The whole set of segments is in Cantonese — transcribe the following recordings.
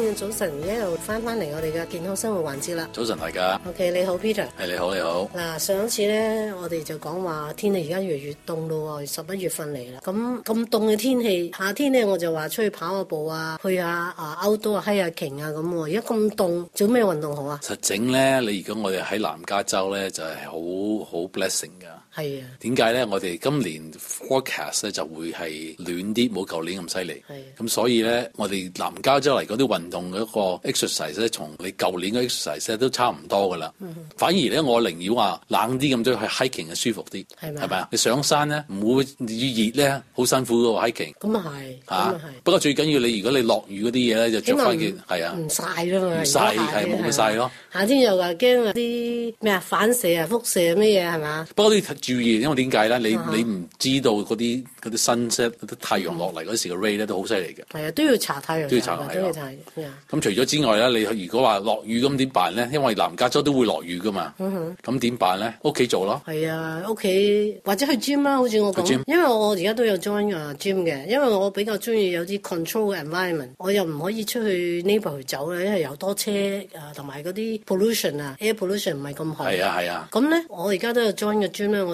天早晨，一路返返嚟我哋嘅健康生活環節啦。早晨，大家。OK，你好，Peter。係、hey, 你好，你好。嗱，上次呢，我哋就講話天氣而家越嚟越凍咯，十一月份嚟啦。咁咁凍嘅天氣，夏天呢，我就話出去跑下步啊，去下啊 outdoor 啊，閪下鯨啊咁。而家咁凍，做咩運動好啊？實整呢，你如果我哋喺南加州呢，就係好好 blessing 㗎。係啊，點解咧？我哋今年 forecast 咧就會係暖啲，冇舊年咁犀利。係、啊，咁所以咧，我哋南加州嚟嗰啲運動嗰個 exercise 咧，同你舊年嘅 exercise 都差唔多噶啦、嗯。反而咧，我寧願話冷啲咁都去 hiking 嘅舒服啲，係咪啊？你上山咧唔會越熱咧好辛苦嘅 hiking。咁啊係，不過最緊要你如果你落雨嗰啲嘢咧就着翻件係啊，唔晒啦嘛，唔曬係冇晒咯。夏、啊啊啊、天又話驚啲咩啊？反射啊，輻射啊咩嘢係嘛？不過啲。注意，因為點解咧？你、啊、你唔知道嗰啲嗰啲新色，太陽落嚟嗰時嘅 ray 咧都好犀利嘅。係啊，都要查太陽。都要查太陽，都要查。咁除咗之外咧，你如果話落雨咁點辦咧？因為南加州都會落雨噶嘛。嗯咁點辦咧？屋企做咯。係、嗯嗯嗯嗯嗯嗯嗯、啊，屋企或者去 gym 啦。好似我講，因為我而家都有 join 個 gym 嘅，因為我比較中意有啲 control environment。我又唔可以出去 neighbor 去走啦，因為有多車還有那些 понnte, 那啊，同埋嗰啲 pollution 啊，air pollution 唔係咁好。係啊係啊。咁咧，我而家都有 join 個 gym 咧，我。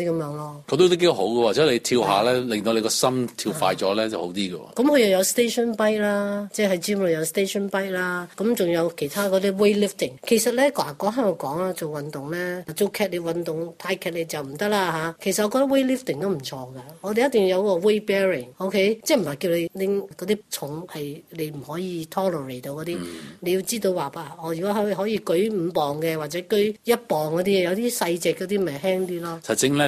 啲咁樣咯，佢都都幾好嘅喎，即係、就是、你跳下咧，令到你個心跳快咗咧就好啲嘅喎。咁、嗯、佢又有 station bike 啦，即係喺 gym 度有 station bike 啦，咁仲有其他嗰啲 weight lifting。其實咧，華哥喺度講啊，做運動咧，做劇烈運動，太劇烈就唔得啦嚇。其實我覺得 weight lifting 都唔錯㗎，我哋一定要有個 weight bearing，OK，、okay？即係唔係叫你拎嗰啲重係你唔可以 tolerate 到嗰啲。你要知道話啊，我如果可以可以舉五磅嘅或者舉一磅嗰啲嘢，有啲細隻嗰啲咪輕啲咯。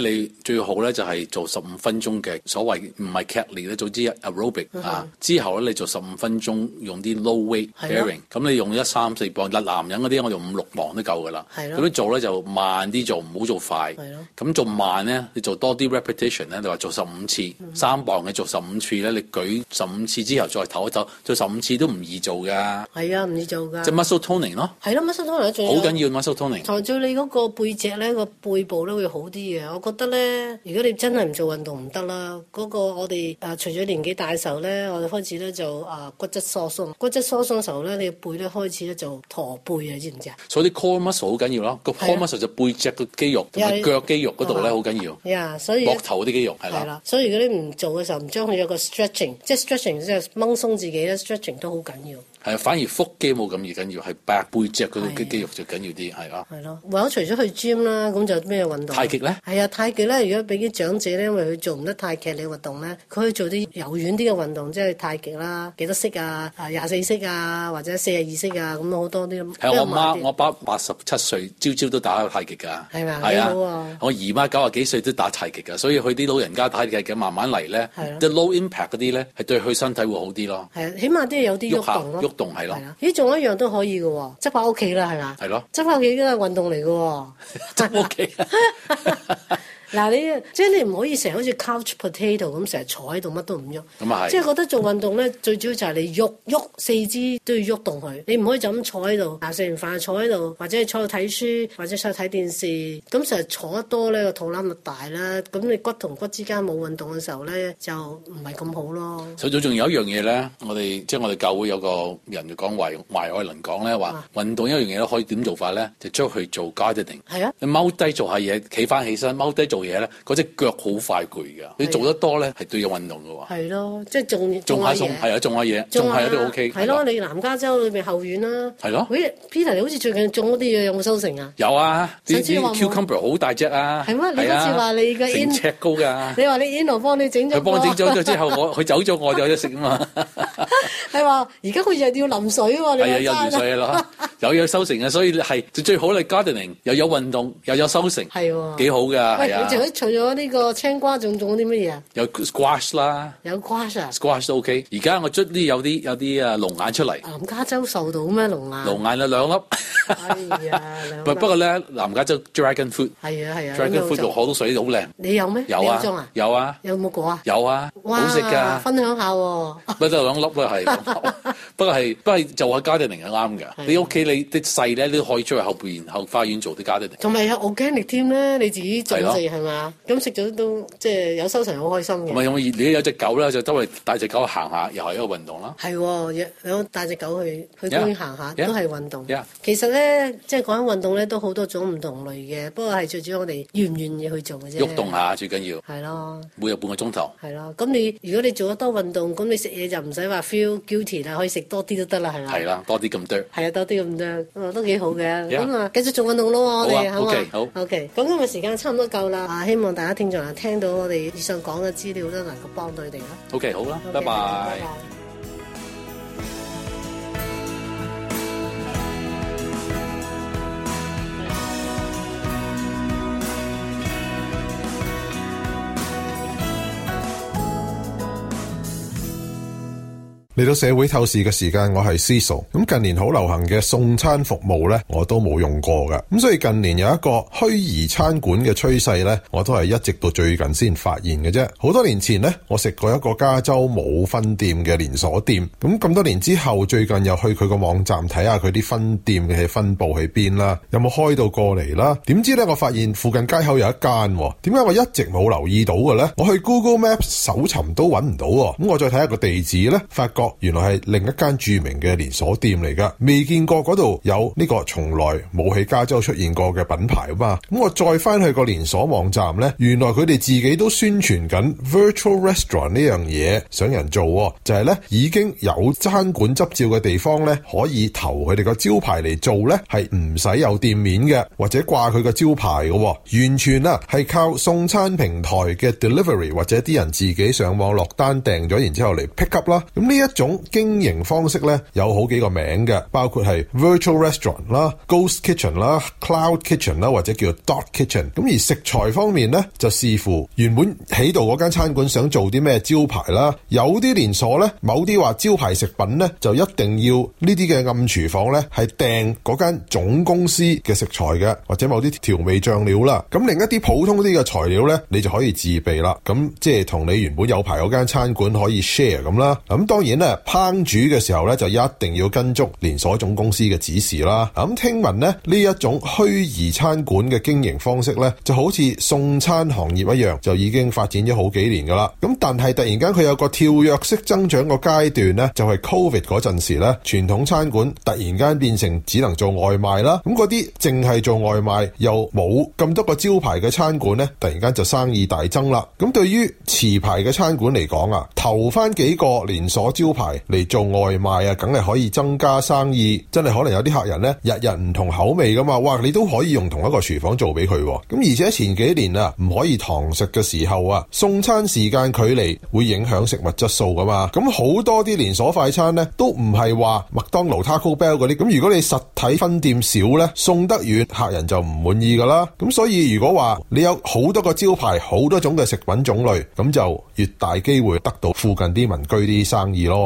你最好咧就係、是、做十五分鐘嘅所謂唔係劇烈咧，總之 Aerobic 啊。之後咧你做十五分鐘，用啲 low weight bearing。咁你用一三四磅，嗱男人嗰啲我用五六磅都夠噶啦。咁樣做咧就慢啲做，唔好做快。咁做慢咧，你做多啲 repetition 咧。你話做十五次三磅嘅做十五次咧，你舉十五次之後再唞一唞，做十五次都唔易做噶。係啊，唔易做噶。即、就是、muscle toning 咯。係咯，muscle toning 好緊要 muscle toning，抬住你嗰個背脊咧，個背部咧會好啲嘅。我覺得呢，如果你真係唔做運動唔得啦，嗰、那個我哋啊，除咗年紀大嘅時候咧，我哋開始呢就啊骨質疏鬆，骨質疏鬆嘅時候呢，你背呢開始呢就駝背知知啊，知唔知啊？所以啲 core muscle 好緊要咯，個 core muscle 就背脊嘅肌肉同埋腳肌肉嗰度呢好緊要。呀、啊啊，所以膊頭嗰啲肌肉係啦。所以如果你唔做嘅時候，唔將佢有個 stretching，即係 stretching 即係掹鬆自己咧，stretching 都好緊要。反而腹肌冇咁易緊要，係百背脊嗰肌肉就緊要啲，係啊。係咯、啊，啊、或者除咗去 gym 啦，咁就咩運動？太極咧？係啊，太極咧，如果俾啲長者咧，因為佢做唔得太劇烈活動咧，佢可以做啲柔軟啲嘅運動，即係太極啦，幾多式啊，廿四式啊，或者四十二式啊，咁好多啲。係、啊、我媽，我爸八十七歲，朝朝都打太極㗎。係嘛？係啊。我姨媽九廿幾歲都打太極㗎，所以去啲老人家打太極嘅，慢慢嚟咧 the low impact 嗰啲咧係對佢身體會好啲咯。係啊，起碼都有啲喐動咯。動動係咯，係啊，咦仲有一樣都可以嘅喎，執翻屋企啦，係咪？係咯，執翻屋企都係運動嚟㗎喎，執屋企。嗱，你即係你唔可以成日好似 couch potato 咁成日坐喺度乜都唔喐，咁係，即係覺得做運動咧，最主要就係你喐喐四肢都要喐動佢，你唔可以就咁坐喺度，食完飯就坐喺度，或者坐喺度睇書，或者坐度睇電視。咁成日坐得多咧個肚腩咪大啦，咁你骨同骨之間冇運動嘅時候咧就唔係咁好咯。最早仲有一樣嘢咧，我哋即係我哋教會有個人就講，懷懷愛倫講咧話，運動一樣嘢咧可以點做法咧，就出去做 gardening，係啊，你踎低做下嘢，企翻起身，踎低做。嘢咧，嗰隻腳好快攰㗎。你做得多咧，係都有運動㗎喎。係咯，即係種種下嘢，係啊，種下嘢，仲下，下都 OK。係咯，你南加州裏邊後院啦。係咯。Peter 你好似最近種嗰啲嘢有冇收成啊？有啊，啲啲 cucumber 好大隻啊。係咪？你好似話你嘅 in，成尺高㗎。 你話你 Inno 幫你整咗。佢幫整咗咗之後， 我佢走咗，我就有得食啊嘛。係 話，而家佢又要淋水喎。係啊，又完水啦。 又有，有收成嘅，所以係最好你 gardening 又有運動，又有收成，係喎、啊，幾好嘅、啊。喂，除咗呢個青瓜，仲種啲乜嘢啊？有 squash 啦，有 squash，squash 啊？Squash 都 OK。而家我出啲有啲有啲啊龍眼出嚟。南加州受到咩龍眼？龍眼啊、哎，兩粒。唔 係不，不過咧，南加州 dragon fruit 係啊係啊，dragon fruit 肉好多水，好靚。你有咩、啊啊？有啊，有啊，有冇果啊？有啊，好食噶、啊。分享下喎、啊。咪得兩粒咯，係。 不過係不過就話 gardening 係啱嘅，你屋企咧。啲細咧，都可以出去後邊後花園做啲家底。同埋有 organic 添咧，你自己做嘅係嘛？咁食咗都即係有收成，好開心嘅。同埋有你有隻狗咧，就周圍帶隻狗行下，又係一,一個運動啦。係，有帶隻狗去去公園行下、yeah. 都係運動。Yeah. 其實咧，即係講緊運動咧，都好多種唔同類嘅，不過係最主要我哋願唔願意去做嘅啫。喐動，動下最緊要。係咯。每日半個鐘頭。係咯。咁你如果你做得多運動，咁你食嘢就唔使話 feel guilty 啦，可以食多啲都得啦，係嘛？係啦，多啲咁多。係啊，多啲咁都幾好嘅，咁、yeah. 啊，繼續做運動咯，我、okay, 哋好好 OK，咁今日時間差唔多夠啦，啊，希望大家聽眾啊聽到我哋以上講嘅資料都能夠幫到你哋啦。OK，好啦、okay,，拜拜。嚟到社會透視嘅時間，我係師嫂。咁近年好流行嘅送餐服務呢，我都冇用過㗎。咁所以近年有一個虛擬餐館嘅趨勢呢，我都係一直到最近先發現嘅啫。好多年前呢，我食過一個加州冇分店嘅連鎖店。咁咁多年之後，最近又去佢個網站睇下佢啲分店嘅分佈喺邊啦，有冇開到過嚟啦？點知呢，我發現附近街口有一間喎。點解我一直冇留意到嘅呢？我去 Google Maps 搜尋都揾唔到喎。咁我再睇下個地址呢，發覺。原來係另一間著名嘅連鎖店嚟㗎，未見過嗰度有呢個，從來冇喺加州出現過嘅品牌啊嘛。咁我再返去個連鎖網站呢，原來佢哋自己都宣傳緊 virtual restaurant 呢樣嘢，想人做、喎，就係、是、呢，已經有餐館執照嘅地方呢，可以投佢哋個招牌嚟做呢係唔使有店面嘅，或者掛佢個招牌嘅、喎，完全啦、啊、係靠送餐平台嘅 delivery 或者啲人自己上網落單訂咗，然之後嚟 pick up 啦。咁呢一種經營方式咧，有好幾個名嘅，包括係 virtual restaurant 啦、ghost kitchen 啦、cloud kitchen 啦，或者叫 dot kitchen。咁而食材方面咧，就視乎原本起到嗰間餐館想做啲咩招牌啦。有啲連鎖咧，某啲話招牌食品咧，就一定要呢啲嘅暗廚房咧係訂嗰間總公司嘅食材嘅，或者某啲調味醬料啦。咁另一啲普通啲嘅材料咧，你就可以自備啦。咁即係同你原本有牌嗰間餐館可以 share 咁啦。咁當然呢。烹煮嘅時候咧，就一定要跟足連鎖總公司嘅指示啦。咁、啊、聽聞咧，呢一種虛擬餐館嘅經營方式咧，就好似送餐行業一樣，就已經發展咗好幾年噶啦。咁但係突然間佢有個跳躍式增長個階段咧，就係、是、Covid 嗰陣時咧，傳統餐館突然間變成只能做外賣啦。咁嗰啲淨係做外賣又冇咁多個招牌嘅餐館咧，突然間就生意大增啦。咁對於持牌嘅餐館嚟講啊，投翻幾個連鎖招牌。牌嚟做外賣啊，梗係可以增加生意。真係可能有啲客人呢，日日唔同口味噶嘛，哇！你都可以用同一個廚房做俾佢。咁而且前幾年啊，唔可以堂食嘅時候啊，送餐時間距離會影響食物質素噶嘛。咁好多啲連鎖快餐呢，都唔係話麥當勞、Taco Bell 嗰啲。咁如果你實體分店少呢，送得遠，客人就唔滿意噶啦。咁所以如果話你有好多個招牌，好多種嘅食品種類，咁就越大機會得到附近啲民居啲生意咯。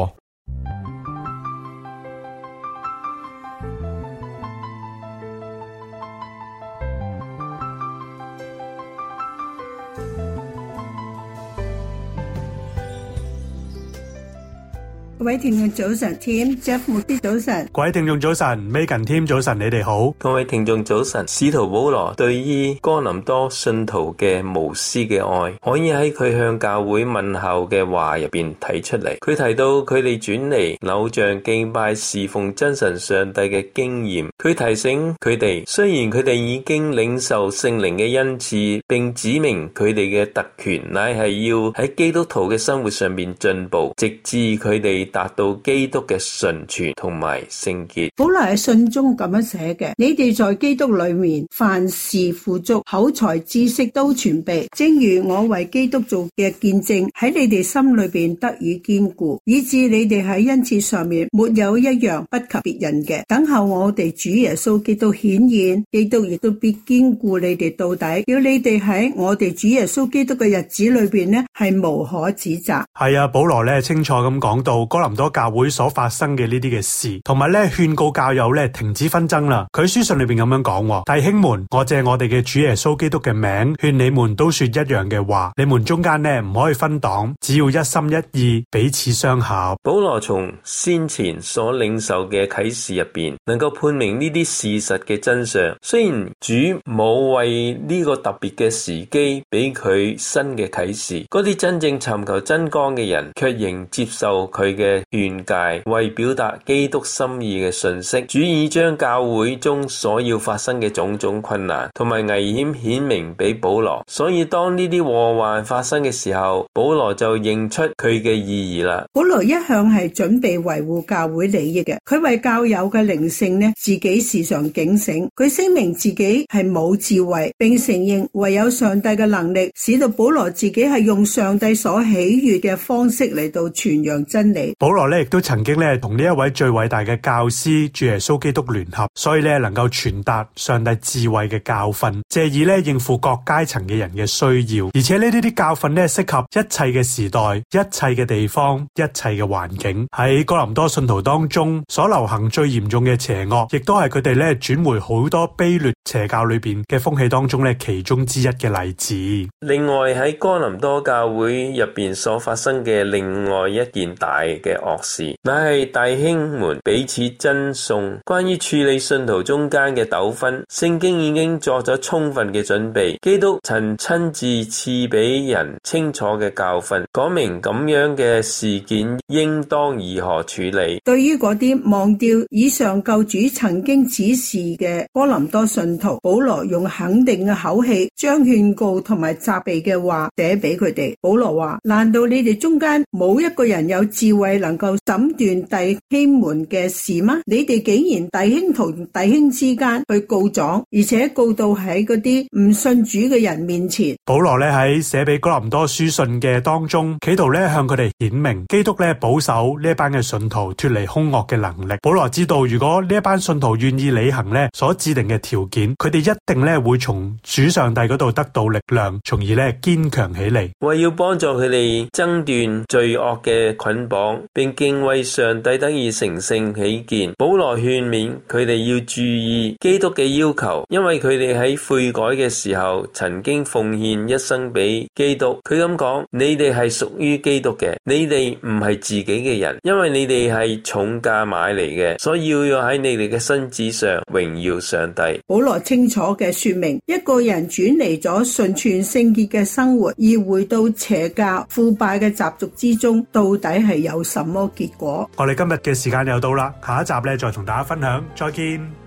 各位聽眾早晨早晨，各位聽眾早晨，Megan 早晨，你哋好，各位聽眾早晨。使徒保羅對於哥林多信徒嘅無私嘅愛，可以喺佢向教會問候嘅話入邊睇出嚟。佢提到佢哋轉嚟，偶像敬拜侍奉真神上帝嘅經驗。佢提醒佢哋，雖然佢哋已經領受聖靈嘅恩賜，並指明佢哋嘅特權，乃係要喺基督徒嘅生活上面進步，直至佢哋。達到基督嘅純全同埋聖潔。保羅喺信中咁樣寫嘅：你哋在基督裡面凡事富足，口才知識都全備，正如我為基督做嘅見證喺你哋心裡邊得以堅固，以致你哋喺恩賜上面沒有一樣不及別人嘅。等候我哋主耶穌基督顯現，基督亦都必堅固你哋到底，要你哋喺我哋主耶穌基督嘅日子裡邊呢係無可指責。係啊，保羅呢清楚咁講到咁多教會所發生嘅呢啲嘅事，同埋咧勸告教友咧停止紛爭啦。佢書信裏邊咁樣講：弟兄們，我借我哋嘅主耶穌基督嘅名，勸你們都說一樣嘅話，你們中間咧唔可以分黨，只要一心一意，彼此相合。保羅從先前所領受嘅啟示入邊，能夠判明呢啲事實嘅真相。雖然主冇為呢個特別嘅時機俾佢新嘅啟示，嗰啲真正尋求真光嘅人，卻仍接受佢嘅。嘅勸誡，為表達基督心意嘅信息，主已將教會中所要發生嘅種種困難同埋危險顯明俾保羅。所以當呢啲禍患發生嘅時候，保羅就認出佢嘅意義啦。保羅一向係準備維護教會利益嘅，佢為教友嘅靈性呢，自己時常警醒。佢聲明自己係冇智慧，並承認唯有上帝嘅能力，使到保羅自己係用上帝所喜悅嘅方式嚟到傳揚真理。保羅咧，亦都曾經咧同呢一位最偉大嘅教師主耶穌基督聯合，所以咧能夠傳達上帝智慧嘅教訓，借以咧應付各階層嘅人嘅需要。而且呢呢啲教訓咧適合一切嘅時代、一切嘅地方、一切嘅環境。喺哥林多信徒當中所流行最嚴重嘅邪惡，亦都係佢哋咧轉回好多卑劣邪教裏邊嘅風氣當中咧其中之一嘅例子。另外喺哥林多教會入邊所發生嘅另外一件大件嘅惡事，乃係弟兄們彼此爭訟。關於處理信徒中間嘅糾紛，聖經已經作咗充分嘅準備。基督曾親自賜俾人清楚嘅教訓，講明咁樣嘅事件應當如何處理。對於嗰啲忘掉以上救主曾經指示嘅哥林多信徒，保羅用肯定嘅口氣，將勸告同埋責備嘅話寫俾佢哋。保羅話：難道你哋中間冇一個人有智慧？能夠審斷弟兄們嘅事嗎？你哋竟然弟兄同弟兄之間去告狀，而且告到喺嗰啲唔信主嘅人面前。保羅咧喺寫俾哥林多書信嘅當中，企圖咧向佢哋顯明基督咧保守呢一班嘅信徒脱離凶惡嘅能力。保羅知道，如果呢一班信徒願意履行咧所制定嘅條件，佢哋一定咧會從主上帝嗰度得到力量，從而咧堅強起嚟。為要幫助佢哋爭斷罪惡嘅捆綁。並敬畏上帝，得以成聖起見，保羅勸勉佢哋要注意基督嘅要求，因為佢哋喺悔改嘅時候曾經奉獻一生俾基督。佢咁講：你哋係屬於基督嘅，你哋唔係自己嘅人，因為你哋係重價買嚟嘅，所以要喺你哋嘅身子上榮耀上帝。保羅清楚嘅說明：一個人轉離咗純全聖潔嘅生活，而回到邪教腐敗嘅習俗之中，到底係有。什麼結果？我哋今日嘅時間又到啦，下一集咧，再同大家分享，再見。